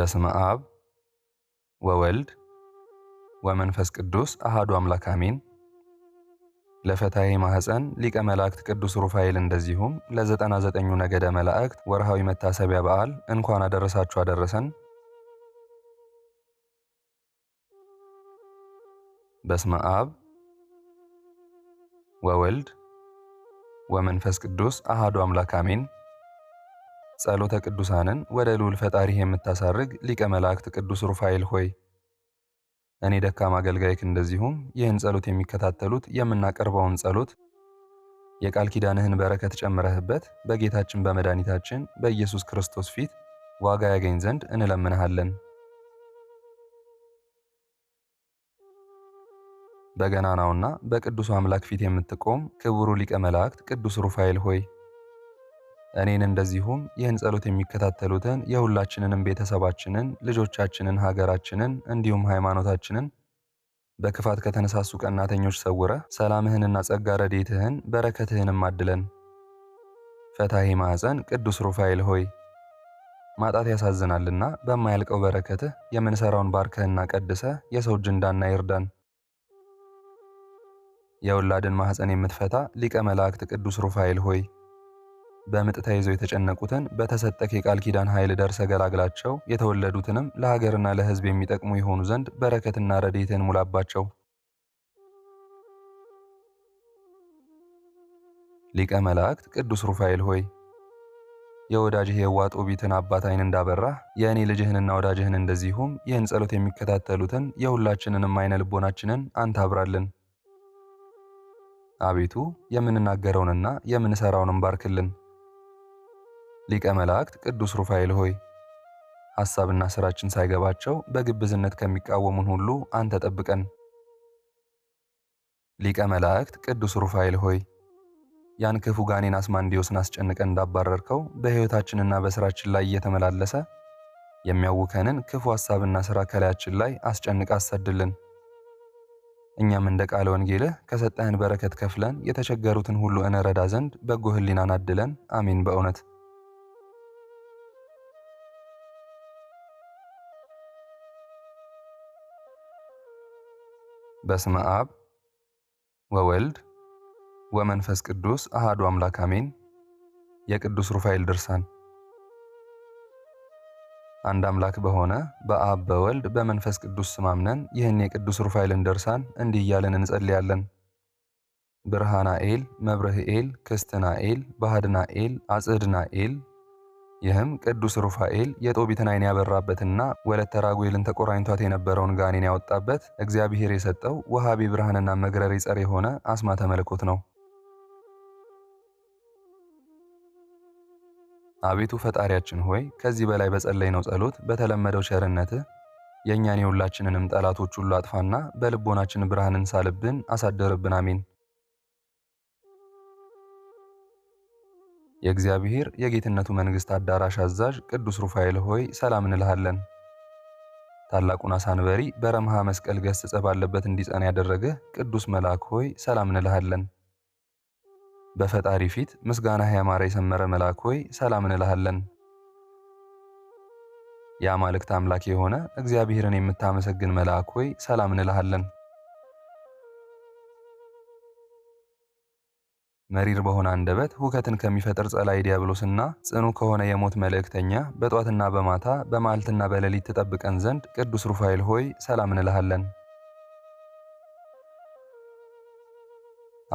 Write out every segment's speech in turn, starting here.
በስመ አብ ወወልድ ወመንፈስ ቅዱስ አሃዱ አምላክ አሜን። ለፈታሔ ማህፀን ሊቀ መላእክት ቅዱስ ሩፋኤል እንደዚሁም ለዘጠና ዘጠኙ ነገደ መላእክት ወርሃዊ መታሰቢያ በዓል እንኳን አደረሳችሁ አደረሰን። በስመ አብ ወወልድ ወመንፈስ ቅዱስ አሃዱ አምላክ አሜን። ጸሎተ ቅዱሳንን ወደ ልዑል ፈጣሪህ የምታሳርግ ሊቀ መላእክት ቅዱስ ሩፋኤል ሆይ እኔ ደካማ አገልጋይክ እንደዚሁም ይህን ጸሎት የሚከታተሉት የምናቀርበውን ጸሎት የቃል ኪዳንህን በረከት ጨምረህበት በጌታችን በመድኃኒታችን በኢየሱስ ክርስቶስ ፊት ዋጋ ያገኝ ዘንድ እንለምንሃለን። በገናናውና በቅዱሱ አምላክ ፊት የምትቆም ክቡሩ ሊቀ መላእክት ቅዱስ ሩፋኤል ሆይ እኔን እንደዚሁም ይህን ጸሎት የሚከታተሉትን የሁላችንንም ቤተሰባችንን፣ ልጆቻችንን፣ ሀገራችንን እንዲሁም ሃይማኖታችንን በክፋት ከተነሳሱ ቀናተኞች ሰውረ ሰላምህንና ጸጋ ረዴትህን በረከትህንም አድለን። ፈታሄ ማኅፀን ቅዱስ ሩፋኤል ሆይ ማጣት ያሳዝናልና በማያልቀው በረከትህ የምንሠራውን ባርከህና ቀድሰ የሰው እጅ እንዳና ይርዳን። የወላድን ማኅፀን የምትፈታ ሊቀ መላእክት ቅዱስ ሩፋኤል ሆይ በምጥ ተይዘው የተጨነቁትን በተሰጠክ የቃል ኪዳን ኃይል ደርሰ ገላግላቸው፣ የተወለዱትንም ለሀገርና ለሕዝብ የሚጠቅሙ የሆኑ ዘንድ በረከትና ረድኤትን ሙላባቸው። ሊቀ መላእክት ቅዱስ ሩፋኤል ሆይ የወዳጅህ የዋ ጦቢትን አባት ዓይን እንዳበራህ የእኔ ልጅህንና ወዳጅህን እንደዚሁም ይህን ጸሎት የሚከታተሉትን የሁላችንንም ዓይነ ልቦናችንን አንተ አብራልን። አቤቱ የምንናገረውንና የምንሠራውንም ባርክልን። ሊቀ መላእክት ቅዱስ ሩፋኤል ሆይ ሐሳብና ሥራችን ሳይገባቸው በግብዝነት ከሚቃወሙን ሁሉ አንተ ጠብቀን። ሊቀ መላእክት ቅዱስ ሩፋኤል ሆይ ያን ክፉ ጋኔን አስማንዲዮስን አስጨንቀን እንዳባረርከው በሕይወታችንና በሥራችን ላይ እየተመላለሰ የሚያውከንን ክፉ ሐሳብና ሥራ ከላያችን ላይ አስጨንቀ አሰድልን። እኛም እንደ ቃለ ወንጌልህ ከሰጠህን በረከት ከፍለን የተቸገሩትን ሁሉ እንረዳ ዘንድ በጎ ሕሊናን አድለን። አሜን በእውነት በስመ አብ ወወልድ ወመንፈስ ቅዱስ አሃዱ አምላክ አሜን። የቅዱስ ሩፋኤል ድርሳን። አንድ አምላክ በሆነ በአብ በወልድ በመንፈስ ቅዱስ ስማምነን አምነን ይህን የቅዱስ ሩፋኤልን ድርሳን እንዲህ እያለን እንጸልያለን። ብርሃናኤል፣ መብርህኤል፣ ክስትናኤል፣ ባህድናኤል፣ አጽድናኤል ይህም ቅዱስ ሩፋኤል የጦቢትን ዓይን ያበራበትና ወለተ ራጉኤልን ተቆራኝቷት የነበረውን ጋኔን ያወጣበት እግዚአብሔር የሰጠው ውሃቢ ብርሃንና መግረሪ ጸር የሆነ አስማተ መለኮት ነው። አቤቱ ፈጣሪያችን ሆይ ከዚህ በላይ ነው ጸሎት በተለመደው ቸርነትህ የእኛን የሁላችንንም ጠላቶች ሁሉ አጥፋና በልቦናችን ብርሃንን ሳልብን አሳደርብን፣ አሜን። የእግዚአብሔር የጌትነቱ መንግሥት አዳራሽ አዛዥ ቅዱስ ሩፋኤል ሆይ ሰላም እንልሃለን። ታላቁን አሳንበሪ በረምሃ መስቀል ገስጸ ባለበት እንዲጸና ያደረገ ቅዱስ መልአክ ሆይ ሰላም እንልሃለን። በፈጣሪ ፊት ምስጋና ያማረ የሰመረ መልአክ ሆይ ሰላም እንልሃለን። የአማልክት አምላክ የሆነ እግዚአብሔርን የምታመሰግን መልአክ ሆይ ሰላም እንልሃለን። መሪር በሆነ አንደበት ሁከትን ከሚፈጥር ጸላይ ዲያብሎስና ጽኑ ከሆነ የሞት መልእክተኛ በጧትና በማታ በማልትና በሌሊት ትጠብቀን ዘንድ ቅዱስ ሩፋኤል ሆይ ሰላም እንልሃለን።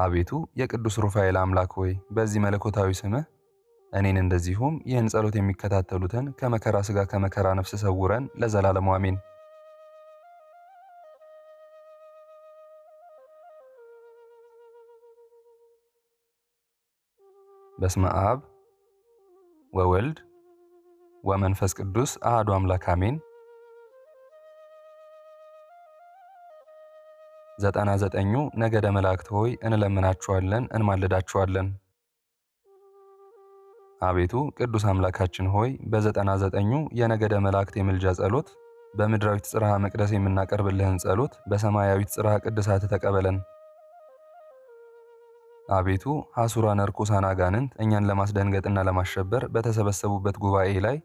አቤቱ የቅዱስ ሩፋኤል አምላክ ሆይ በዚህ መለኮታዊ ስምህ እኔን እንደዚሁም ይህን ጸሎት የሚከታተሉትን ከመከራ ሥጋ ከመከራ ነፍስ ሰውረን ለዘላለሙ አሜን። በስመ አብ ወወልድ ወመንፈስ ቅዱስ አሐዱ አምላክ አሜን። ዘጠና ዘጠኙ ነገደ መላእክት ሆይ እንለምናችኋለን እንማልዳችኋለን። አቤቱ ቅዱስ አምላካችን ሆይ በዘጠና ዘጠኙ የነገደ መላእክት የምልጃ ጸሎት በምድራዊት ጽርሐ መቅደስ የምናቀርብልህን ጸሎት በሰማያዊት ጽርሐ ቅድሳት ተቀበለን። አቤቱ አሱራን ርኩሳን አጋንንት እኛን ለማስደንገጥና ለማሸበር በተሰበሰቡበት ጉባኤ ላይ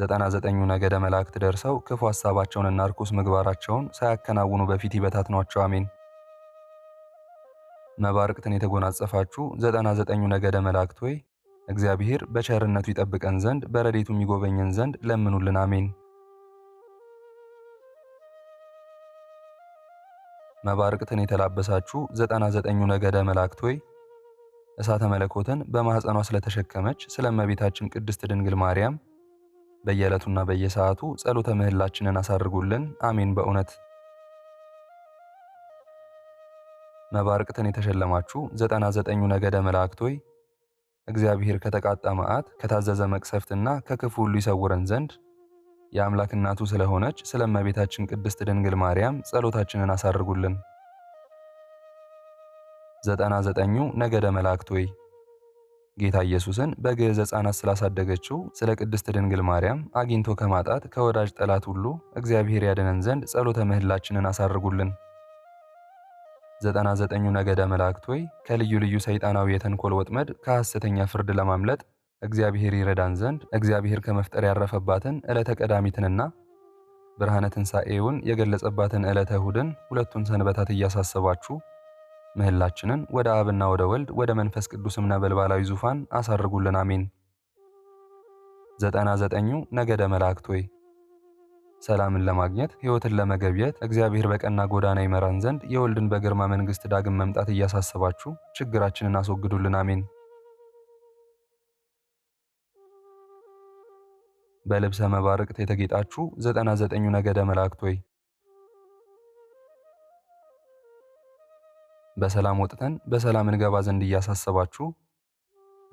ዘጠና ዘጠኙ ነገደ መላእክት ደርሰው ክፉ ሐሳባቸውንና ርኩስ ምግባራቸውን ሳያከናውኑ በፊት ይበታትኗቸው። አሜን። መባርቅትን የተጎናጸፋችሁ ዘጠና ዘጠኙ ነገደ መላእክት ሆይ እግዚአብሔር በቸርነቱ ይጠብቀን ዘንድ በረዴቱ የሚጎበኘን ዘንድ ለምኑልን። አሜን። መባርቅትን የተላበሳችሁ ዘጠና ዘጠኙ ነገደ መላእክት ሆይ እሳተ መለኮትን በማኅፀኗ ስለተሸከመች ስለ እመቤታችን ቅድስት ድንግል ማርያም በየዕለቱና በየሰዓቱ ጸሎተ ምህላችንን አሳርጉልን፣ አሜን። በእውነት መባርቅትን የተሸለማችሁ ዘጠና ዘጠኙ ነገደ መላእክት ሆይ እግዚአብሔር ከተቃጣ መዓት ከታዘዘ መቅሰፍትና ከክፉ ሁሉ ይሰውረን ዘንድ የአምላክ እናቱ ስለሆነች ስለ እመቤታችን ቅድስት ድንግል ማርያም ጸሎታችንን አሳርጉልን። ዘጠና ዘጠኙ ነገደ መላእክት ወይ ጌታ ኢየሱስን በግዕዝ ሕፃናት ስላሳደገችው ስለ ቅድስት ድንግል ማርያም አግኝቶ ከማጣት ከወዳጅ ጠላት ሁሉ እግዚአብሔር ያድነን ዘንድ ጸሎተ ምህላችንን አሳርጉልን። ዘጠና ዘጠኙ ነገደ መላእክት ወይ ከልዩ ልዩ ሰይጣናዊ የተንኮል ወጥመድ ከሐሰተኛ ፍርድ ለማምለጥ እግዚአብሔር ይረዳን ዘንድ እግዚአብሔር ከመፍጠር ያረፈባትን ዕለተ ቀዳሚትንና ብርሃነ ትንሣኤውን የገለጸባትን ዕለተ እሁድን ሁለቱን ሰንበታት እያሳሰባችሁ ምህላችንን ወደ አብና ወደ ወልድ ወደ መንፈስ ቅዱስም ነበልባላዊ ዙፋን አሳርጉልን፣ አሜን። ዘጠና ዘጠኙ ነገደ መላእክት ሆይ ሰላምን ለማግኘት ሕይወትን ለመገብየት እግዚአብሔር በቀና ጎዳና ይመራን ዘንድ የወልድን በግርማ መንግሥት ዳግም መምጣት እያሳሰባችሁ ችግራችንን አስወግዱልን፣ አሜን። በልብሰ መባርቅት የተጌጣችሁ ዘጠና ዘጠኙ ነገደ መላእክት ሆይ በሰላም ወጥተን በሰላም እንገባ ዘንድ እያሳሰባችሁ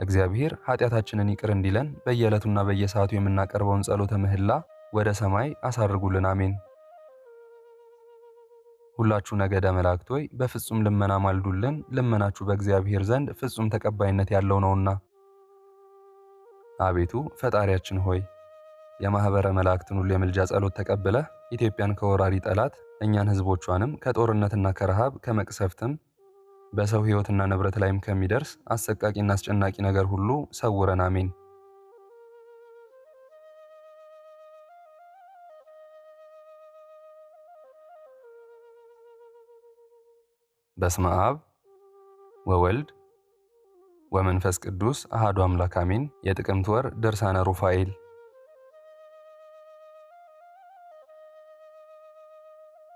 እግዚአብሔር ኃጢአታችንን ይቅር እንዲለን በየዕለቱና በየሰዓቱ የምናቀርበውን ጸሎተ ምህላ ወደ ሰማይ አሳርጉልን፣ አሜን። ሁላችሁ ነገደ መላእክት ሆይ በፍጹም ልመና ማልዱልን፣ ልመናችሁ በእግዚአብሔር ዘንድ ፍጹም ተቀባይነት ያለው ነውና። አቤቱ ፈጣሪያችን ሆይ የማኅበረ መላእክትን ሁሉ የምልጃ ጸሎት ተቀብለህ ኢትዮጵያን ከወራሪ ጠላት እኛን ሕዝቦቿንም ከጦርነትና ከረሃብ ከመቅሰፍትም በሰው ሕይወትና ንብረት ላይም ከሚደርስ አሰቃቂና አስጨናቂ ነገር ሁሉ ሰውረን፣ አሜን። በስመ አብ ወወልድ ወመንፈስ ቅዱስ አሃዱ አምላክ አሜን። የጥቅምት ወር ድርሳነ ሩፋኤል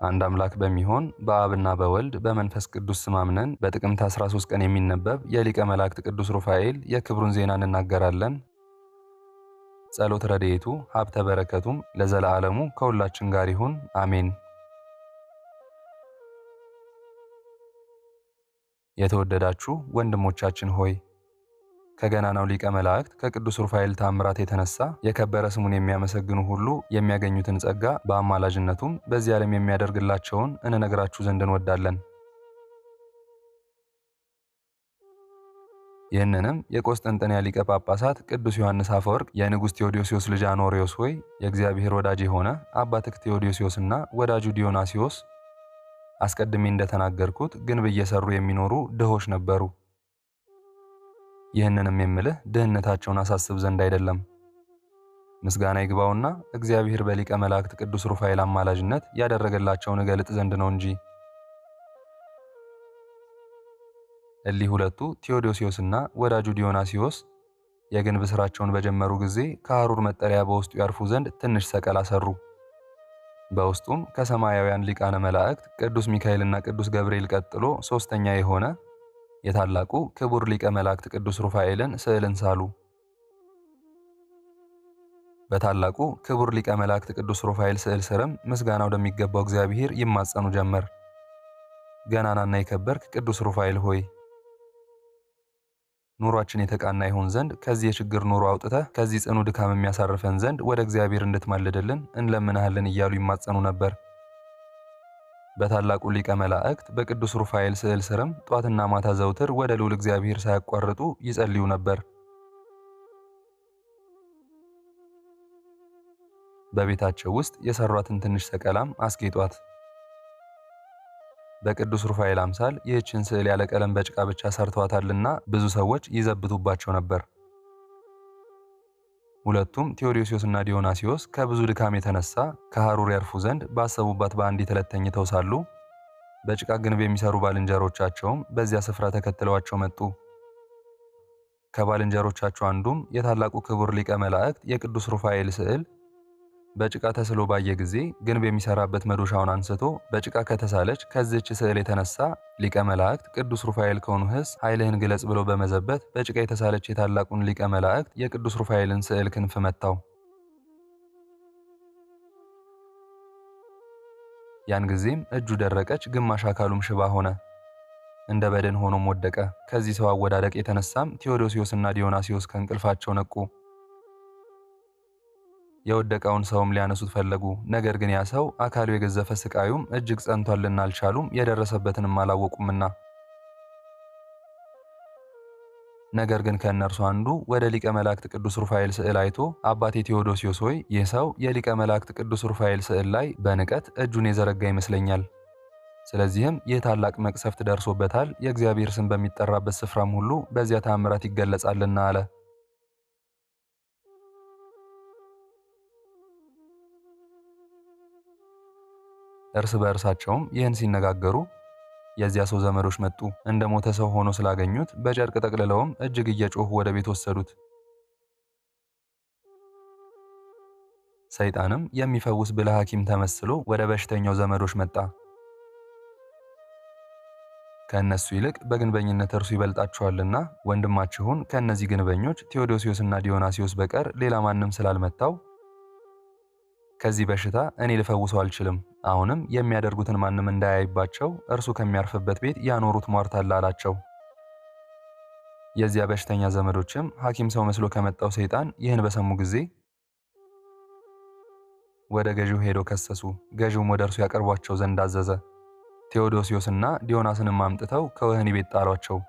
አንድ አምላክ በሚሆን በአብና በወልድ በመንፈስ ቅዱስ ስማምነን በጥቅምት 13 ቀን የሚነበብ የሊቀ መላእክት ቅዱስ ሩፋኤል የክብሩን ዜና እንናገራለን። ጸሎት ረድኤቱ ሀብተ በረከቱም ለዘለዓለሙ ከሁላችን ጋር ይሁን አሜን። የተወደዳችሁ ወንድሞቻችን ሆይ ከገናናው ሊቀ መላእክት ከቅዱስ ሩፋኤል ታምራት የተነሳ የከበረ ስሙን የሚያመሰግኑ ሁሉ የሚያገኙትን ጸጋ በአማላጅነቱም በዚህ ዓለም የሚያደርግላቸውን እንነግራችሁ ዘንድ እንወዳለን። ይህንንም የቆስጠንጠንያ ሊቀ ጳጳሳት ቅዱስ ዮሐንስ አፈወርቅ የንጉሥ ቴዎዶሲዮስ ልጅ አኖሪዎስ ወይ የእግዚአብሔር ወዳጅ የሆነ አባትክ ቴዎዶሲዮስና ወዳጁ ዲዮናሲዮስ አስቀድሜ እንደተናገርኩት ግንብ እየሰሩ የሚኖሩ ድሆች ነበሩ። ይህንንም የምልህ ድህነታቸውን አሳስብ ዘንድ አይደለም። ምስጋና ይግባውና እግዚአብሔር በሊቀ መላእክት ቅዱስ ሩፋኤል አማላጅነት ያደረገላቸውን እገልጥ ዘንድ ነው እንጂ። እሊህ ሁለቱ ቴዎዶሲዮስና ወዳጁ ዲዮናሲዮስ የግንብ ሥራቸውን በጀመሩ ጊዜ ከሐሩር መጠለያ በውስጡ ያርፉ ዘንድ ትንሽ ሰቀላ አሰሩ። በውስጡም ከሰማያውያን ሊቃነ መላእክት ቅዱስ ሚካኤልና ቅዱስ ገብርኤል ቀጥሎ ሦስተኛ የሆነ የታላቁ ክቡር ሊቀ መላእክት ቅዱስ ሩፋኤልን ስዕልን ሳሉ። በታላቁ ክቡር ሊቀ መላእክት ቅዱስ ሩፋኤል ስዕል ስርም ምስጋና ወደሚገባው እግዚአብሔር ይማጸኑ ጀመር። ገናናና የከበርክ ቅዱስ ሩፋኤል ሆይ ኑሯችን የተቃና ይሆን ዘንድ ከዚህ የችግር ኑሮ አውጥተህ ከዚህ ጽኑ ድካም የሚያሳርፈን ዘንድ ወደ እግዚአብሔር እንድትማልድልን እንለምንሃለን እያሉ ይማጸኑ ነበር። በታላቁ ሊቀ መላእክት በቅዱስ ሩፋኤል ስዕል ስርም ጧትና ማታ ዘውትር ወደ ልዑል እግዚአብሔር ሳያቋርጡ ይጸልዩ ነበር። በቤታቸው ውስጥ የሰሯትን ትንሽ ሰቀላም አስጌጧት። በቅዱስ ሩፋኤል አምሳል ይህችን ስዕል ያለ ቀለም በጭቃ ብቻ ሰርተዋታልና ብዙ ሰዎች ይዘብቱባቸው ነበር። ሁለቱም እና ዲዮናሲዮስ ከብዙ ድካም የተነሳ ከሐሩር ያርፉ ዘንድ ባሰቡባት በአንዲት ዕለት ተኝተው ሳሉ በጭቃ ግንብ የሚሰሩ ባልንጀሮቻቸውም በዚያ ስፍራ ተከትለዋቸው መጡ። ከባልንጀሮቻቸው አንዱም የታላቁ ክቡር ሊቀ መላእክት የቅዱስ ሩፋኤል ስዕል በጭቃ ተስሎ ባየ ጊዜ ግንብ የሚሰራበት መዶሻውን አንስቶ በጭቃ ከተሳለች ከዚች ስዕል የተነሳ ሊቀ መላእክት ቅዱስ ሩፋኤል ከሆኑ ህስ ኃይልህን ግለጽ ብሎ በመዘበት በጭቃ የተሳለች የታላቁን ሊቀ መላእክት የቅዱስ ሩፋኤልን ስዕል ክንፍ መታው። ያን ጊዜም እጁ ደረቀች፣ ግማሽ አካሉም ሽባ ሆነ፣ እንደ በደን ሆኖም ወደቀ። ከዚህ ሰው አወዳደቅ የተነሳም ቴዎዶሲዮስና ዲዮናሲዮስ ከእንቅልፋቸው ነቁ። የወደቀውን ሰውም ሊያነሱት ፈለጉ። ነገር ግን ያ ሰው አካሉ የገዘፈ ስቃዩም እጅግ ጸንቷልና አልቻሉም፣ የደረሰበትንም አላወቁምና። ነገር ግን ከእነርሱ አንዱ ወደ ሊቀ መላእክት ቅዱስ ሩፋኤል ስዕል አይቶ አባቴ ቴዎዶሲዮስ ሆይ ይህ ሰው የሊቀ መላእክት ቅዱስ ሩፋኤል ስዕል ላይ በንቀት እጁን የዘረጋ ይመስለኛል። ስለዚህም ይህ ታላቅ መቅሰፍት ደርሶበታል፣ የእግዚአብሔር ስም በሚጠራበት ስፍራም ሁሉ በዚያ ታምራት ይገለጻልና አለ። እርስ በእርሳቸውም ይህን ሲነጋገሩ የዚያ ሰው ዘመዶች መጡ። እንደ ሞተ ሰው ሆኖ ስላገኙት በጨርቅ ጠቅልለውም እጅግ እየጮሁ ወደ ቤት ወሰዱት። ሰይጣንም የሚፈውስ ብልህ ሐኪም ተመስሎ ወደ በሽተኛው ዘመዶች መጣ። ከእነሱ ይልቅ በግንበኝነት እርሱ ይበልጣችኋልና ወንድማችሁን ከእነዚህ ግንበኞች ቴዎዶሲዮስና ዲዮናሲዮስ በቀር ሌላ ማንም ስላልመታው ከዚህ በሽታ እኔ ልፈውሰው አልችልም። አሁንም የሚያደርጉትን ማንም እንዳያይባቸው እርሱ ከሚያርፍበት ቤት ያኖሩት ሟርታል አላቸው። የዚያ በሽተኛ ዘመዶችም ሐኪም ሰው መስሎ ከመጣው ሰይጣን ይህን በሰሙ ጊዜ ወደ ገዢው ሄደው ከሰሱ። ገዢውም ወደ እርሱ ያቀርቧቸው ዘንድ አዘዘ። ቴዎዶሲዮስና ዲዮናስንም አምጥተው ከወህኒ ቤት ጣሏቸው።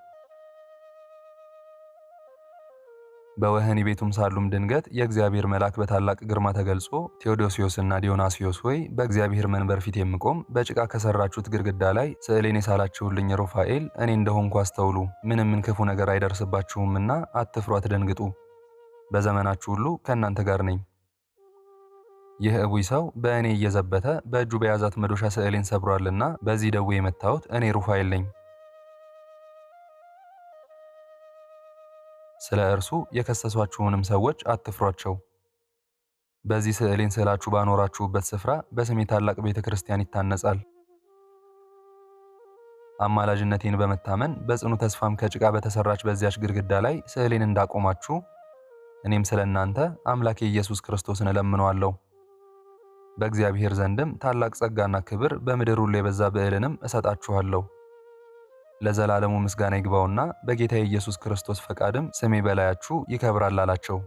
በወህኒ ቤቱም ሳሉም ድንገት የእግዚአብሔር መልአክ በታላቅ ግርማ ተገልጾ ቴዎዶሲዮስና ዲዮናስዮስ ሆይ በእግዚአብሔር መንበር ፊት የምቆም በጭቃ ከሰራችሁት ግድግዳ ላይ ስዕሌን የሳላችሁልኝ ሩፋኤል እኔ እንደሆንኩ አስተውሉ። ምንም ምን ክፉ ነገር አይደርስባችሁምና አትፍሩ፣ አትደንግጡ። በዘመናችሁ ሁሉ ከእናንተ ጋር ነኝ። ይህ እቡይ ሰው በእኔ እየዘበተ በእጁ በያዛት መዶሻ ስዕሌን ሰብሯልና በዚህ ደዌ የመታሁት እኔ ሩፋኤል ነኝ። ስለ እርሱ የከሰሷችሁንም ሰዎች አትፍሯቸው። በዚህ ስዕሌን ስላችሁ ባኖራችሁበት ስፍራ በስሜ ታላቅ ቤተ ክርስቲያን ይታነጻል። አማላጅነቴን በመታመን በጽኑ ተስፋም ከጭቃ በተሰራች በዚያች ግድግዳ ላይ ስዕሌን እንዳቆማችሁ እኔም ስለ እናንተ አምላኬ ኢየሱስ ክርስቶስን እለምነዋለሁ። በእግዚአብሔር ዘንድም ታላቅ ጸጋና ክብር በምድር ሁሉ የበዛ ብዕልንም እሰጣችኋለሁ። ለዘላለሙ ምስጋና ይግባውና በጌታ የኢየሱስ ክርስቶስ ፈቃድም ስሜ በላያችሁ ይከብራል አላቸው።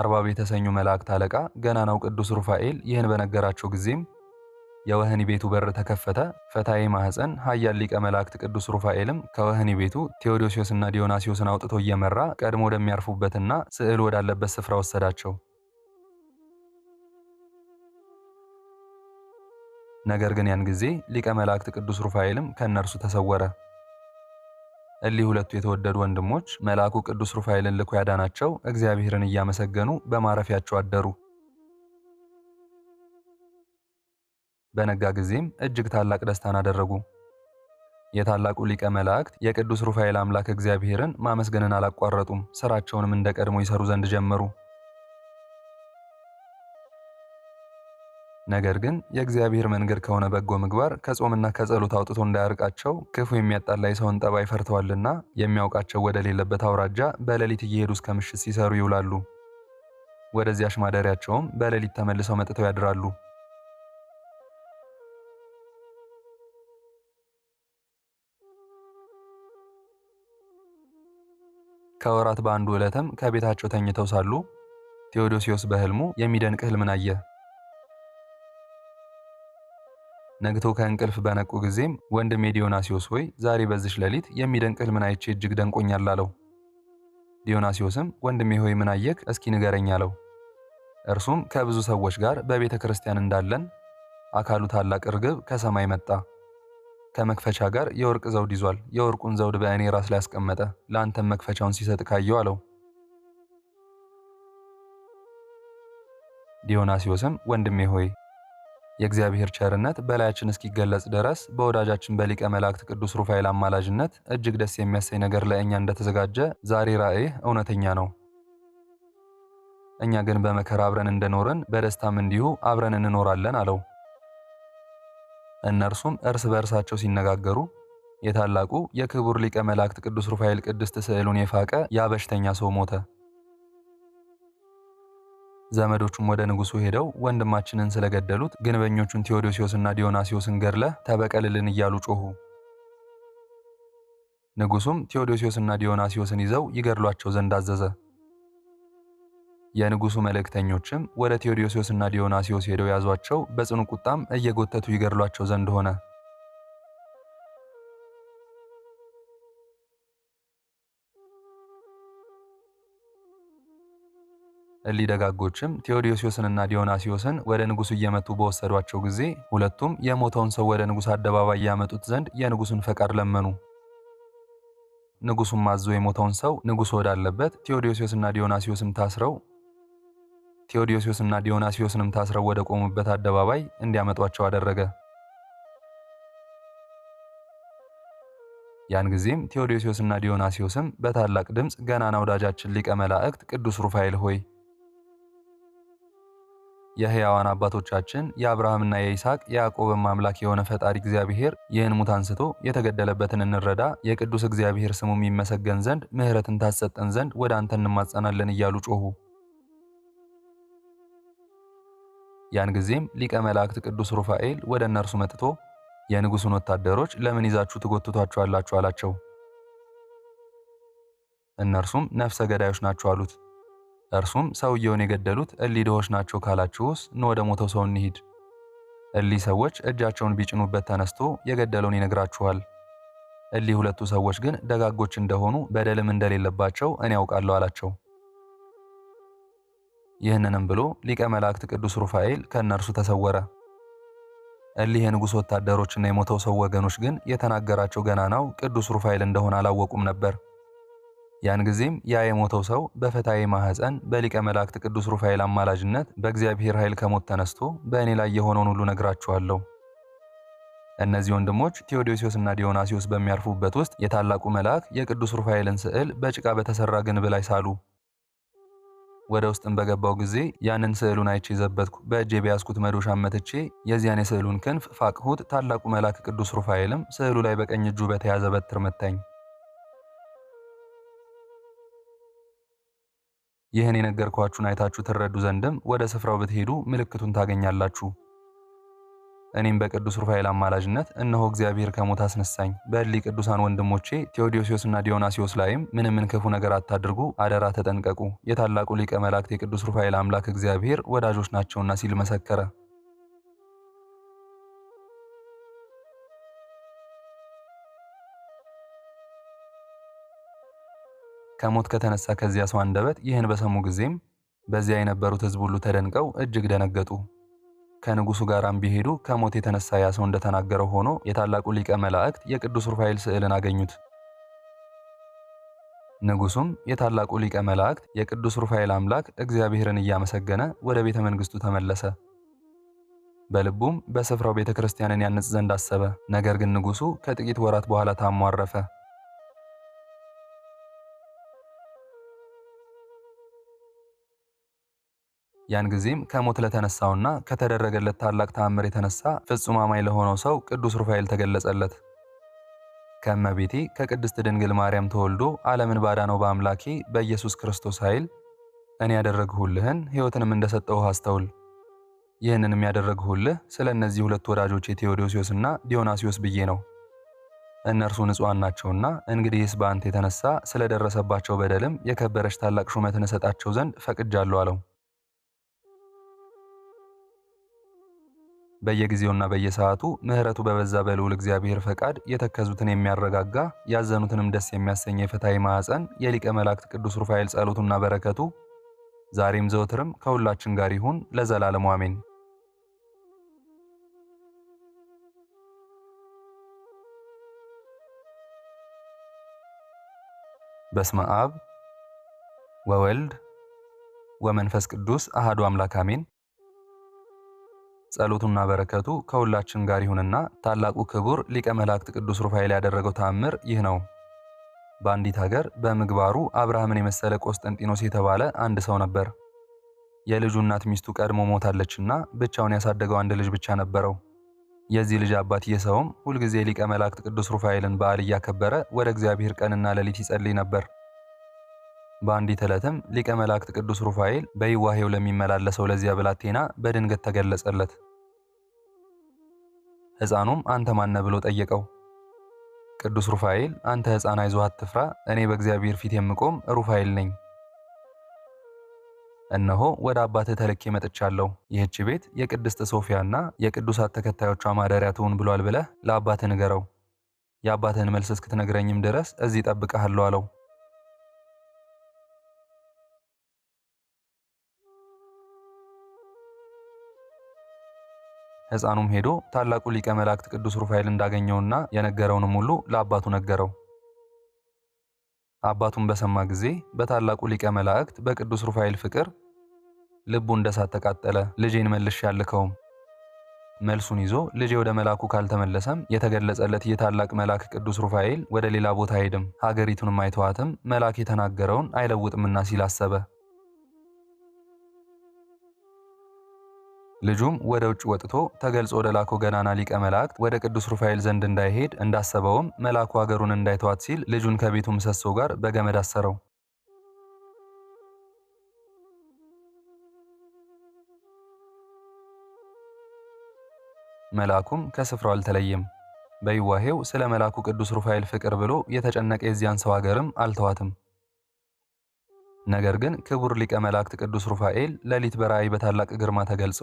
አርባብ የተሰኙ መላእክት አለቃ ገናናው ቅዱስ ሩፋኤል ይህን በነገራቸው ጊዜም የወህኒ ቤቱ በር ተከፈተ። ፈታዬ ማህፀን ኃያል ሊቀ መላእክት ቅዱስ ሩፋኤልም ከወህኒ ቤቱ ቴዎዶሲዮስና ዲዮናሲዮስን አውጥቶ እየመራ ቀድሞ ወደሚያርፉበትና ስዕል ወዳለበት ስፍራ ወሰዳቸው። ነገር ግን ያን ጊዜ ሊቀ መላእክት ቅዱስ ሩፋኤልም ከእነርሱ ተሰወረ። እሊህ ሁለቱ የተወደዱ ወንድሞች መልአኩ ቅዱስ ሩፋኤልን ልኮ ያዳናቸው እግዚአብሔርን እያመሰገኑ በማረፊያቸው አደሩ። በነጋ ጊዜም እጅግ ታላቅ ደስታን አደረጉ። የታላቁ ሊቀ መላእክት የቅዱስ ሩፋኤል አምላክ እግዚአብሔርን ማመስገንን አላቋረጡም። ሥራቸውንም እንደ ቀድሞ ይሰሩ ዘንድ ጀመሩ። ነገር ግን የእግዚአብሔር መንገድ ከሆነ በጎ ምግባር ከጾምና ከጸሎት አውጥቶ እንዳያርቃቸው ክፉ የሚያጣላ የሰውን ጠባይ ፈርተዋልና የሚያውቃቸው ወደሌለበት አውራጃ በሌሊት እየሄዱ እስከ ምሽት ሲሰሩ ይውላሉ። ወደዚያ ማደሪያቸውም በሌሊት ተመልሰው መጥተው ያድራሉ። ከወራት በአንዱ ዕለትም ከቤታቸው ተኝተው ሳሉ ቴዎዶሲዎስ በሕልሙ የሚደንቅ ሕልምን አየ። ነግቶ ከእንቅልፍ በነቁ ጊዜም ወንድሜ ዲዮናሲዮስ ሆይ ዛሬ በዚሽ ሌሊት የሚደንቅ ሕልምን አይቼ እጅግ ደንቆኛል አለው። ዲዮናሲዮስም ወንድሜ ሆይ ምን አየክ? እስኪ ንገረኝ አለው። እርሱም ከብዙ ሰዎች ጋር በቤተ ክርስቲያን እንዳለን አካሉ ታላቅ ርግብ ከሰማይ መጣ። ከመክፈቻ ጋር የወርቅ ዘውድ ይዟል። የወርቁን ዘውድ በእኔ ራስ ላይ አስቀመጠ። ለአንተም መክፈቻውን ሲሰጥ ካየው አለው። ዲዮናሲዮስም ወንድሜ ሆይ የእግዚአብሔር ቸርነት በላያችን እስኪገለጽ ድረስ በወዳጃችን በሊቀ መላእክት ቅዱስ ሩፋኤል አማላጅነት እጅግ ደስ የሚያሰኝ ነገር ለእኛ እንደተዘጋጀ ዛሬ ራእይ እውነተኛ ነው። እኛ ግን በመከራ አብረን እንደኖርን በደስታም እንዲሁ አብረን እንኖራለን አለው። እነርሱም እርስ በእርሳቸው ሲነጋገሩ የታላቁ የክቡር ሊቀ መላእክት ቅዱስ ሩፋኤል ቅድስት ስዕሉን የፋቀ ያ በሽተኛ ሰው ሞተ። ዘመዶቹም ወደ ንጉሱ ሄደው ወንድማችንን ስለገደሉት ግንበኞቹን ቴዎዶሲዮስና ዲዮናሲዮስን ገድለህ ተበቀልልን እያሉ ጮኹ። ንጉሱም ቴዎዶሲዮስና ዲዮናሲዮስን ይዘው ይገድሏቸው ዘንድ አዘዘ። የንጉሱ መልእክተኞችም ወደ ቴዎዶሲዮስና ዲዮናሲዮስ ሄደው ያዟቸው፣ በጽኑ ቁጣም እየጎተቱ ይገድሏቸው ዘንድ ሆነ። ሊደጋጎችም ደጋጎችም ዲዮናሲዮስን ወደ ንጉሱ እየመቱ በወሰዷቸው ጊዜ ሁለቱም የሞተውን ሰው ወደ ንጉሥ አደባባይ ያመጡት ዘንድ የንጉሱን ፈቃድ ለመኑ። ንጉሱም አዞ የሞተውን ሰው ንጉሱ ወዳለበት ቴዎዶሲዮስና ዲዮናሲዮስም ታስረው ቴዎዶሲዮስና ዲዮናሲዮስንም ታስረው ወደ ቆሙበት አደባባይ እንዲያመጧቸው አደረገ። ያን ጊዜም ቴዎዶሲዮስና ዲዮናሲዮስም በታላቅ ድምፅ ገናና ወዳጃችን ሊቀ መላእክት ቅዱስ ሩፋኤል ሆይ የሕያዋን አባቶቻችን የአብርሃምና የይስሐቅ የያዕቆብም አምላክ የሆነ ፈጣሪ እግዚአብሔር ይህን ሙት አንስቶ የተገደለበትን እንረዳ የቅዱስ እግዚአብሔር ስሙ የሚመሰገን ዘንድ ምሕረትን ታሰጠን ዘንድ ወደ አንተ እንማጸናለን እያሉ ጮኹ። ያን ጊዜም ሊቀ መላእክት ቅዱስ ሩፋኤል ወደ እነርሱ መጥቶ የንጉሡን ወታደሮች ለምን ይዛችሁ ትጎትቷቸዋላችሁ? አላቸው። እነርሱም ነፍሰ ገዳዮች ናቸው አሉት። እርሱም ሰውየውን የገደሉት እሊዳዎች ናቸው ካላችሁስ፣ ኑ ወደ ሞተው ሰው እንሂድ። እሊ ሰዎች እጃቸውን ቢጭኑበት ተነስቶ የገደለውን ይነግራችኋል። እሊ ሁለቱ ሰዎች ግን ደጋጎች እንደሆኑ በደልም እንደሌለባቸው እኔ ያውቃለሁ አላቸው። ይህንንም ብሎ ሊቀ መላእክት ቅዱስ ሩፋኤል ከእነርሱ ተሰወረ። እሊህ የንጉሥ ወታደሮችና የሞተው ሰው ወገኖች ግን የተናገራቸው ገናናው ቅዱስ ሩፋኤል እንደሆነ አላወቁም ነበር። ያን ጊዜም ያ የሞተው ሰው በፈታዬ ማህፀን በሊቀ መላእክት ቅዱስ ሩፋኤል አማላጅነት በእግዚአብሔር ኃይል ከሞት ተነስቶ በእኔ ላይ የሆነውን ሁሉ ነግራችኋለሁ። እነዚህ ወንድሞች ቴዎዶሲዮስና ዲዮናሲዮስ በሚያርፉበት ውስጥ የታላቁ መልአክ የቅዱስ ሩፋኤልን ስዕል በጭቃ በተሰራ ግንብ ላይ ሳሉ። ወደ ውስጥም በገባው ጊዜ ያንን ስዕሉን አይቼ ዘበትኩ። በእጄ በያዝኩት መዶሻ መትቼ የዚያን የስዕሉን ክንፍ ፋቅሁት። ታላቁ መልአክ ቅዱስ ሩፋኤልም ስዕሉ ላይ በቀኝ እጁ በተያዘ በትር መታኝ። ይህን የነገርኳችሁን አይታችሁ ትረዱ ዘንድም ወደ ስፍራው ብትሄዱ ምልክቱን ታገኛላችሁ። እኔም በቅዱስ ሩፋኤል አማላጅነት እነሆ እግዚአብሔር ከሞት አስነሳኝ። በዕሊ ቅዱሳን ወንድሞቼ ቴዎዶሲዮስና ዲዮናሲዮስ ላይም ምንም ክፉ ነገር አታድርጉ፣ አደራ ተጠንቀቁ። የታላቁ ሊቀ መላእክት የቅዱስ ሩፋኤል አምላክ እግዚአብሔር ወዳጆች ናቸውና ሲል መሰከረ። ከሞት ከተነሳ ከዚያ ሰው አንደበት ይህን በሰሙ ጊዜም በዚያ የነበሩት ሕዝብ ሁሉ ተደንቀው እጅግ ደነገጡ። ከንጉሱ ጋራም ቢሄዱ ከሞት የተነሳ ያ ሰው እንደተናገረው ሆኖ የታላቁ ሊቀ መላእክት የቅዱስ ሩፋኤል ስዕልን አገኙት። ንጉሱም የታላቁ ሊቀ መላእክት የቅዱስ ሩፋኤል አምላክ እግዚአብሔርን እያመሰገነ ወደ ቤተ መንግስቱ ተመለሰ። በልቡም በስፍራው ቤተ ክርስቲያንን ያንጽ ዘንድ አሰበ። ነገር ግን ንጉሱ ከጥቂት ወራት በኋላ ታሞ አረፈ። ያን ጊዜም ከሞት ለተነሳውና ከተደረገለት ታላቅ ተአምር የተነሳ ፍጹም አማኝ ለሆነው ሰው ቅዱስ ሩፋኤል ተገለጸለት። ከእመቤቴ ከቅድስት ድንግል ማርያም ተወልዶ ዓለምን ባዳነው በአምላኬ በኢየሱስ ክርስቶስ ኃይል እኔ ያደረግሁልህን ሕይወትንም እንደሰጠውህ አስተውል። ይህንንም ያደረግሁልህ ስለ እነዚህ ሁለት ወዳጆቼ ቴዎዶሲዎስና ዲዮናሲዮስ ብዬ ነው። እነርሱ ንጹሐን ናቸውና፣ እንግዲህስ በአንተ የተነሳ ስለደረሰባቸው በደልም የከበረች ታላቅ ሹመትን እሰጣቸው ዘንድ ፈቅጃለሁ አለው። በየጊዜውና በየሰዓቱ ምሕረቱ በበዛ በልዑል እግዚአብሔር ፈቃድ የተከዙትን የሚያረጋጋ ያዘኑትንም ደስ የሚያሰኝ የፍትሐዊ ማዕፀን የሊቀ መላእክት ቅዱስ ሩፋኤል ጸሎቱና በረከቱ ዛሬም ዘወትርም ከሁላችን ጋር ይሁን ለዘላለሙ አሜን። በስመ አብ ወወልድ ወመንፈስ ቅዱስ አህዶ አምላክ አሜን። ጸሎቱና በረከቱ ከሁላችን ጋር ይሁንና ታላቁ ክቡር ሊቀ መላእክት ቅዱስ ሩፋኤል ያደረገው ተአምር ይህ ነው። በአንዲት ሀገር በምግባሩ አብርሃምን የመሰለ ቆስጠንጢኖስ የተባለ አንድ ሰው ነበር። የልጁ እናት ሚስቱ ቀድሞ ሞታለችና ብቻውን ያሳደገው አንድ ልጅ ብቻ ነበረው። የዚህ ልጅ አባት የሰውም ሁልጊዜ ሊቀ መላእክት ቅዱስ ሩፋኤልን በዓል እያከበረ ወደ እግዚአብሔር ቀንና ሌሊት ይጸልይ ነበር። በአንዲት ዕለትም ሊቀ መላእክት ቅዱስ ሩፋኤል በይዋሄው ለሚመላለሰው ለዚያ ብላቴና በድንገት ተገለጸለት። ሕፃኑም አንተ ማነ ብሎ ጠየቀው። ቅዱስ ሩፋኤል አንተ ሕፃን አይዞህ አትፍራ፣ እኔ በእግዚአብሔር ፊት የምቆም ሩፋኤል ነኝ። እነሆ ወደ አባትህ ተልኬ መጥቻለሁ። ይህች ቤት የቅድስት ሶፊያና የቅዱሳት ተከታዮቿ ማደሪያ ትሁን ብሏል ብለህ ለአባትህ ንገረው። የአባትህን መልስ እስክትነግረኝም ድረስ እዚህ ጠብቀሃለሁ አለው። ሕፃኑም ሄዶ ታላቁ ሊቀ መላእክት ቅዱስ ሩፋኤል እንዳገኘውና የነገረውንም ሁሉ ለአባቱ ነገረው። አባቱም በሰማ ጊዜ በታላቁ ሊቀ መላእክት በቅዱስ ሩፋኤል ፍቅር ልቡ እንደ እሳት ተቃጠለ። ልጄን መልሽ ያልከውም መልሱን ይዞ ልጄ ወደ መልአኩ ካልተመለሰም የተገለጸለት የታላቅ መልአክ ቅዱስ ሩፋኤል ወደ ሌላ ቦታ አይሄድም፣ ሀገሪቱንም አይተዋትም፣ መልአክ የተናገረውን አይለውጥምና ሲል አሰበ። ልጁም ወደ ውጭ ወጥቶ ተገልጾ ወደ ላኮ ገናና ሊቀ መላእክት ወደ ቅዱስ ሩፋኤል ዘንድ እንዳይሄድ እንዳሰበውም መልአኩ አገሩን እንዳይተዋት ሲል ልጁን ከቤቱ ምሰሶ ጋር በገመድ አሰረው። መልአኩም ከስፍራው አልተለየም። በይዋሄው ስለ መልአኩ ቅዱስ ሩፋኤል ፍቅር ብሎ የተጨነቀ የዚያን ሰው አገርም አልተዋትም። ነገር ግን ክቡር ሊቀ መላእክት ቅዱስ ሩፋኤል ሌሊት በራእይ በታላቅ ግርማ ተገልጾ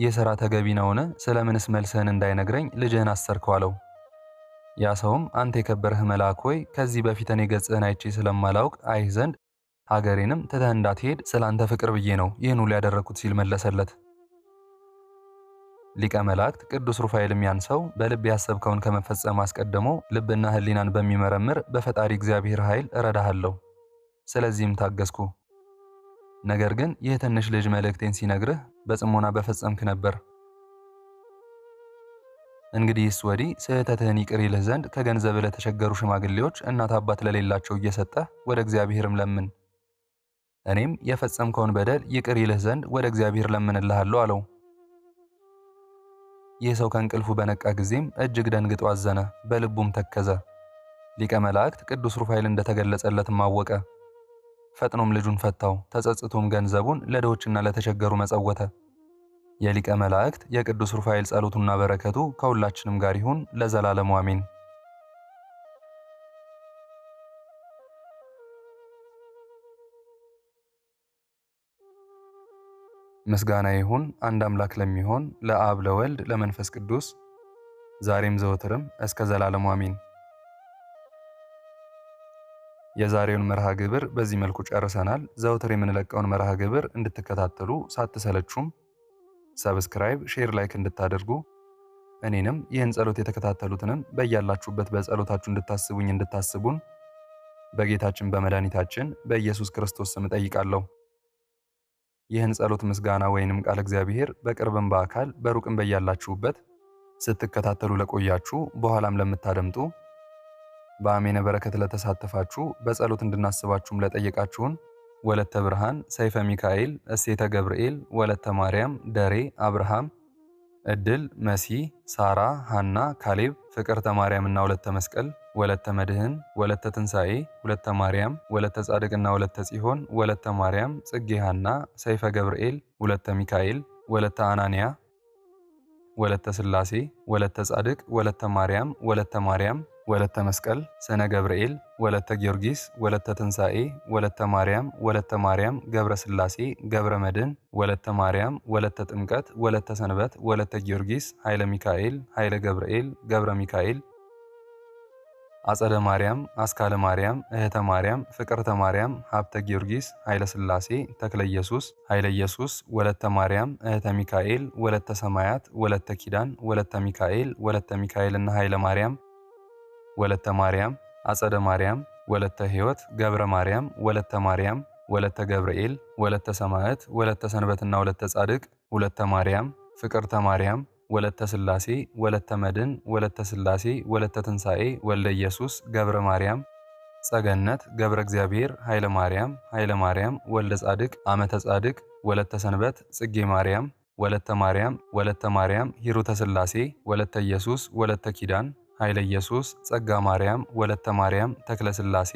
ይህ ሥራ ተገቢ ነውን? ስለምንስ መልስህን እንዳይነግረኝ ልጅህን አሰርከው አለው። ያ ሰውም አንተ የከበርህ መልአክ ሆይ ከዚህ በፊት እኔ ገጽህን አይቼ ስለማላውቅ አይህ ዘንድ ሀገሬንም ትተህ እንዳትሄድ ስለ አንተ ፍቅር ብዬ ነው ይህን ሁሉ ያደረግኩት ሲል መለሰለት። ሊቀ መላእክት ቅዱስ ሩፋኤልም ያን ሰው በልብ ያሰብከውን ከመፈጸም አስቀድሞ ልብና ሕሊናን በሚመረምር በፈጣሪ እግዚአብሔር ኃይል እረዳሃለሁ፣ ስለዚህም ታገዝኩ ነገር ግን ይህ ትንሽ ልጅ መልእክቴን ሲነግርህ በጽሞና በፈጸምክ ነበር። እንግዲህስ ወዲህ ስህተትህን ይቅር ይልህ ዘንድ ከገንዘብ ለተቸገሩ ሽማግሌዎች እናት አባት ለሌላቸው እየሰጠህ ወደ እግዚአብሔርም ለምን። እኔም የፈጸምከውን በደል ይቅር ይልህ ዘንድ ወደ እግዚአብሔር ለምንልሃለሁ አለው። ይህ ሰው ከእንቅልፉ በነቃ ጊዜም እጅግ ደንግጦ አዘነ፣ በልቡም ተከዘ። ሊቀ መላእክት ቅዱስ ሩፋኤል እንደተገለጸለትም አወቀ። ፈጥኖም ልጁን ፈታው። ተጸጽቶም ገንዘቡን ለድሆችና ለተቸገሩ መጸወተ። የሊቀ መላእክት የቅዱስ ሩፋኤል ጸሎቱና በረከቱ ከሁላችንም ጋር ይሁን ለዘላለሙ አሜን። ምስጋና ይሁን አንድ አምላክ ለሚሆን ለአብ ለወልድ ለመንፈስ ቅዱስ ዛሬም ዘወትርም እስከ ዘላለሙ አሜን። የዛሬውን መርሃ ግብር በዚህ መልኩ ጨርሰናል። ዘውትር የምንለቀውን መርሃ ግብር እንድትከታተሉ ሳትሰለችም ሰብስክራይብ፣ ሼር፣ ላይክ እንድታደርጉ እኔንም ይህን ጸሎት የተከታተሉትንም በያላችሁበት በጸሎታችሁ እንድታስቡኝ እንድታስቡን በጌታችን በመድኃኒታችን በኢየሱስ ክርስቶስ ስም እጠይቃለሁ። ይህን ጸሎት ምስጋና ወይንም ቃል እግዚአብሔር በቅርብም በአካል በሩቅም በያላችሁበት ስትከታተሉ ለቆያችሁ በኋላም ለምታደምጡ በአሜነ በረከት ለተሳተፋችሁ በጸሎት እንድናስባችሁም ለጠየቃችሁን ወለተ ብርሃን፣ ሰይፈ ሚካኤል፣ እሴተ ገብርኤል፣ ወለተ ማርያም፣ ደሬ፣ አብርሃም፣ እድል፣ መሲ፣ ሳራ፣ ሃና፣ ካሌብ፣ ፍቅርተ ማርያምና ወለተ መስቀል፣ ወለተ መድህን፣ ወለተ ትንሣኤ፣ ሁለተ ማርያም፣ ወለተ ጻድቅና ወለተ ጽሆን፣ ወለተ ማርያም፣ ጽጌ ሃና፣ ሰይፈ ገብርኤል፣ ወለተ ሚካኤል፣ ወለተ አናንያ፣ ወለተ ስላሴ፣ ወለተ ጻድቅ፣ ወለተ ማርያም፣ ወለተ ማርያም ወለተ መስቀል፣ ስነ ገብርኤል፣ ወለተ ጊዮርጊስ፣ ወለተ ትንሣኤ፣ ወለተ ማርያም፣ ወለተ ማርያም፣ ገብረ ሥላሴ፣ ገብረ መድን፣ ወለተ ማርያም፣ ወለተ ጥምቀት፣ ወለተ ሰንበት፣ ወለተ ጊዮርጊስ፣ ኃይለ ሚካኤል፣ ኃይለ ገብርኤል፣ ገብረ ሚካኤል፣ አጸደ ማርያም፣ አስካለ ማርያም፣ እህተ ማርያም፣ ፍቅርተ ማርያም፣ ሀብተ ጊዮርጊስ፣ ኃይለ ሥላሴ፣ ተክለ ኢየሱስ፣ ኃይለ ኢየሱስ፣ ወለተ ማርያም፣ እህተ ሚካኤል፣ ወለተ ሰማያት፣ ወለተ ኪዳን፣ ወለተ ሚካኤል፣ ወለተ ሚካኤልና ኃይለ ማርያም ወለተ ማርያም፣ አጸደ ማርያም፣ ወለተ ሕይወት፣ ገብረ ማርያም፣ ወለተ ማርያም፣ ወለተ ገብርኤል፣ ወለተ ሰማዕት፣ ወለተ ሰንበትና ወለተ ጻድቅ፣ ሁለተ ማርያም፣ ፍቅርተ ማርያም፣ ወለተ ሥላሴ፣ ወለተ መድን፣ ወለተ ሥላሴ፣ ወለተ ትንሣኤ፣ ወልደ ኢየሱስ፣ ገብረ ማርያም፣ ጸገነት፣ ገብረ እግዚአብሔር፣ ኃይለ ማርያም፣ ኃይለ ማርያም፣ ወልደ ጻድቅ፣ አመተ ጻድቅ፣ ወለተ ሰንበት፣ ጽጌ ማርያም፣ ወለተ ማርያም፣ ወለተ ማርያም፣ ሂሩተ ሥላሴ፣ ወለተ ኢየሱስ፣ ወለተ ኪዳን፣ ኃይለ ኢየሱስ፣ ጸጋ ማርያም፣ ወለተ ማርያም፣ ተክለ ስላሴ፣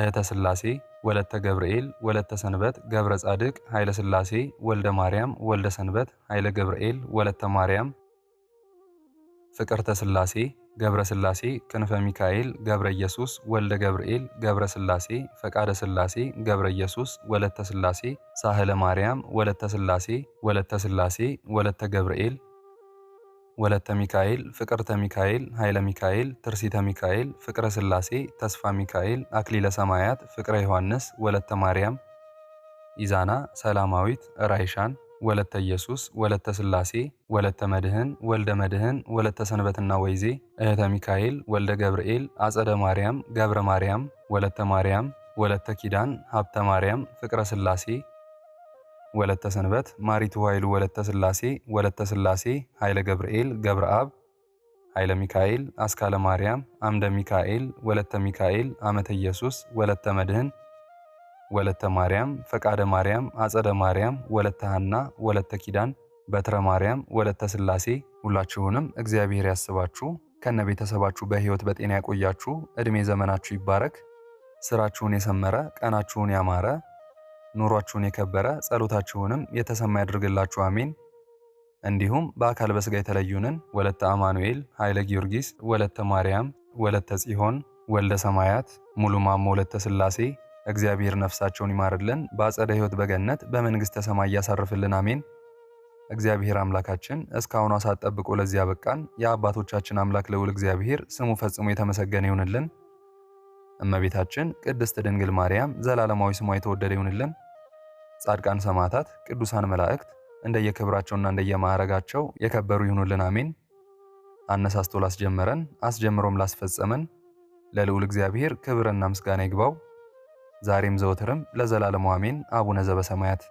እህተ ስላሴ ወለተ ገብርኤል ወለተ ሰንበት ገብረ ጻድቅ ኃይለ ስላሴ ወልደ ማርያም ወልደ ሰንበት ኃይለ ገብርኤል ወለተ ማርያም ፍቅርተ ስላሴ ገብረ ስላሴ ክንፈ ሚካኤል ገብረ ኢየሱስ ወልደ ገብርኤል ገብረ ስላሴ ፈቃደ ስላሴ ገብረ ኢየሱስ ወለተ ስላሴ ሳህለ ማርያም ወለተ ስላሴ ወለተ ስላሴ ወለተ ገብርኤል ወለተ ሚካኤል፣ ፍቅርተ ሚካኤል፣ ኃይለ ሚካኤል፣ ትርሲተ ሚካኤል፣ ፍቅረ ሥላሴ፣ ተስፋ ሚካኤል፣ አክሊለ ሰማያት፣ ፍቅረ ዮሐንስ፣ ወለተ ማርያም፣ ኢዛና፣ ሰላማዊት፣ ራይሻን፣ ወለተ ኢየሱስ፣ ወለተ ሥላሴ፣ ወለተ መድህን፣ ወልደ መድህን፣ ወለተ ሰንበትና ወይዜ፣ እህተ ሚካኤል፣ ወልደ ገብርኤል፣ አጸደ ማርያም፣ ገብረ ማርያም፣ ወለተ ማርያም፣ ወለተ ኪዳን፣ ሀብተ ማርያም፣ ፍቅረ ሥላሴ ወለተ ሰንበት፣ ማሪቱ ኃይሉ ወለተ ስላሴ ወለተ ስላሴ ኃይለ ገብርኤል፣ ገብረ አብ ኃይለ ሚካኤል፣ አስካለ ማርያም፣ አምደ ሚካኤል፣ ወለተ ሚካኤል፣ አመተ ኢየሱስ፣ ወለተ መድህን፣ ወለተ ማርያም፣ ፈቃደ ማርያም፣ አጸደ ማርያም፣ ወለተ ሐና፣ ወለተ ኪዳን፣ በትረ ማርያም፣ ወለተ ስላሴ ሁላችሁንም እግዚአብሔር ያስባችሁ ከነ ቤተሰባችሁ በህይወት በጤና ያቆያችሁ። እድሜ ዘመናችሁ ይባረክ። ስራችሁን የሰመረ ቀናችሁን ያማረ ኑሯችሁን የከበረ ጸሎታችሁንም የተሰማ ያድርግላችሁ፣ አሜን። እንዲሁም በአካል በስጋ የተለዩንን ወለተ አማኑኤል፣ ኃይለ ጊዮርጊስ፣ ወለተ ማርያም፣ ወለተ ጽዮን፣ ወልደ ሰማያት፣ ሙሉ ማሞ፣ ወለተ ስላሴ እግዚአብሔር ነፍሳቸውን ይማርልን፣ በአጸደ ሕይወት በገነት በመንግሥተ ሰማይ እያሳርፍልን፣ አሜን። እግዚአብሔር አምላካችን እስካሁኗ ሰዓት ጠብቆ ለዚያ በቃን። የአባቶቻችን አምላክ ልዑል እግዚአብሔር ስሙ ፈጽሞ የተመሰገነ ይሆንልን። እመቤታችን ቅድስት ድንግል ማርያም ዘላለማዊ ስሟ የተወደደ ይሁንልን። ጻድቃን ሰማዕታት፣ ቅዱሳን መላእክት እንደየክብራቸውና እንደየማዕረጋቸው የከበሩ ይሁኑልን። አሜን። አነሳስቶ ላስጀመረን አስጀምሮም ላስፈጸመን ለልዑል እግዚአብሔር ክብርና ምስጋና ይግባው ዛሬም ዘወትርም ለዘላለሙ አሜን። አቡነ ዘበሰማያት